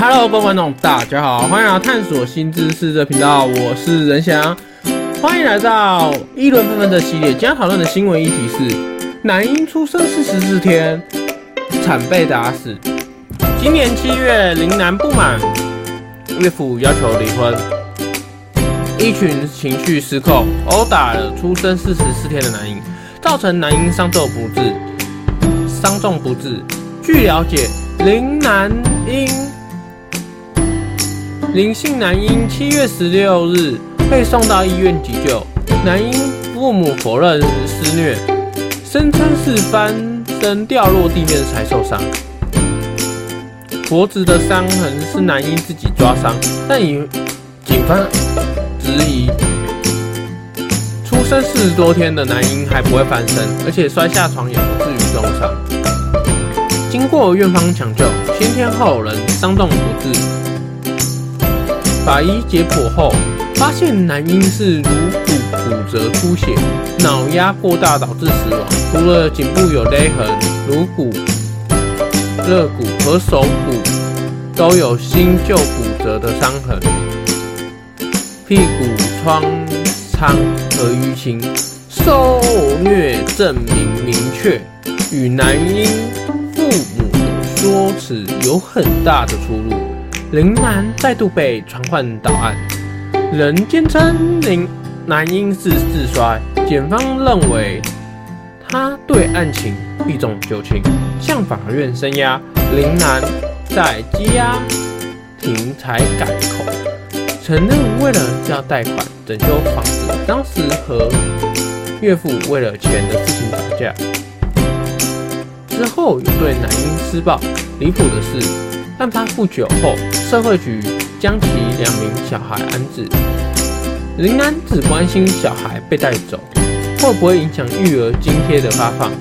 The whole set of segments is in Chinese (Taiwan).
Hello，觀眾觀眾，大家好，歡迎來探索新知識的頻道，我是仁翔，歡迎來到議論紛紛的系列。今天討論的新聞議題是：男嬰出生四十四天，慘被打死。今年七月，林男不滿岳父要求離婚，一群情緒失控毆打了出生四十四天的男嬰，造成男嬰傷重不治。傷重不治。據了解，林男因林姓男嬰七月十六日被送到醫院急救，男嬰父母否認施虐，聲稱是翻身掉落地面才受傷，脖子的傷痕是男嬰自己抓傷，但由警方質疑，出生四十多天的男嬰還不會翻身，而且摔下床也不至於重傷。經過院方搶救，先天後人傷重不治。法醫解剖後，發現男嬰是顱骨骨折出血、腦壓過大導致死亡。除了頸部有勒痕，顱骨、肋骨和手骨都有新舊骨折的傷痕，屁股創傷和淤青，受虐證明明確，與男嬰父母的說辭有很大的出入。林男再度被傳喚到案，仍堅稱男嬰是自摔，檢方認為他對案情避重就輕，向法院聲押林男，在羈押庭才改口，承認為了要貸款拯救房子，當時和岳父為了錢的事情吵架，之後又對男嬰施暴，離譜的是。但他不久後，社會局將其兩名小孩安置。林蘭只關心小孩被帶走，會不會影響育兒津貼的發放，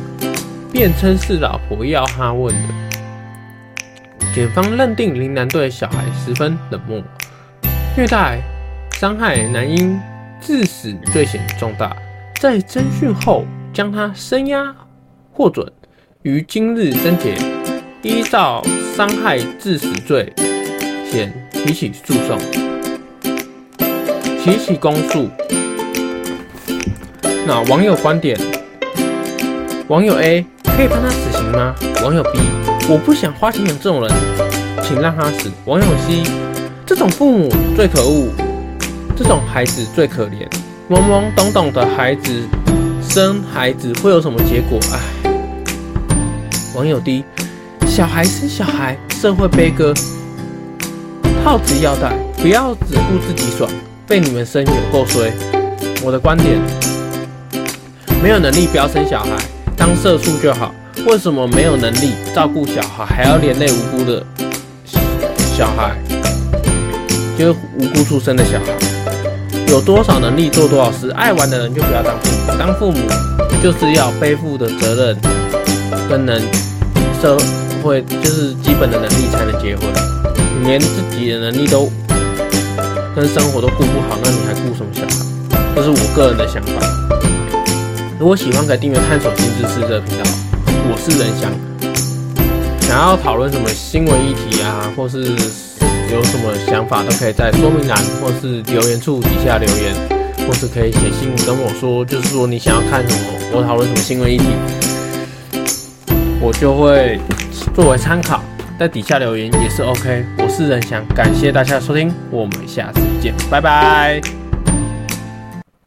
便稱是老婆要他問的。檢方認定林蘭對小孩十分冷漠、虐待、傷害男嬰，致死罪嫌重大，在偵訊後將他聲押獲准，於今日偵結。依照傷害致死罪嫌提起訴訟，提起公訴。那網友觀點：網友 A 可以判他死刑嗎？網友 B 我不想花錢養這種人，請讓他死。網友 C 這種父母最可惡，這種孩子最可憐，懵懵懂懂的孩子生孩子會有什麼結果？唉。網友 D。小孩生小孩，社會悲歌。套子要戴，不要只顧自己爽。被你們生有夠衰。我的觀點：沒有能力不要生小孩，當社畜就好。為什麼沒有能力照顧小孩，還要連累無辜的小孩？就是無辜出生的小孩，有多少能力做多少事。愛玩的人就不要當父母，當父母就是要背負的責任跟能。社會就是基本的能力才能結婚，你連自己的能力都跟生活都顧不好，那你還顧什麼小孩？這是我個人的想法。如果喜歡，可以訂閱探索新知識這個頻道。我是任翔，想要討論什麼新聞議題啊，或是有什麼想法，都可以在說明欄或是留言處底下留言，或是可以寫信跟我說，就是說你想要看什麼，我討論什麼新聞議題。我就會作為參考，在底下留言也是 OK。我是仁翔，感謝大家的收聽，我們下次見，拜拜。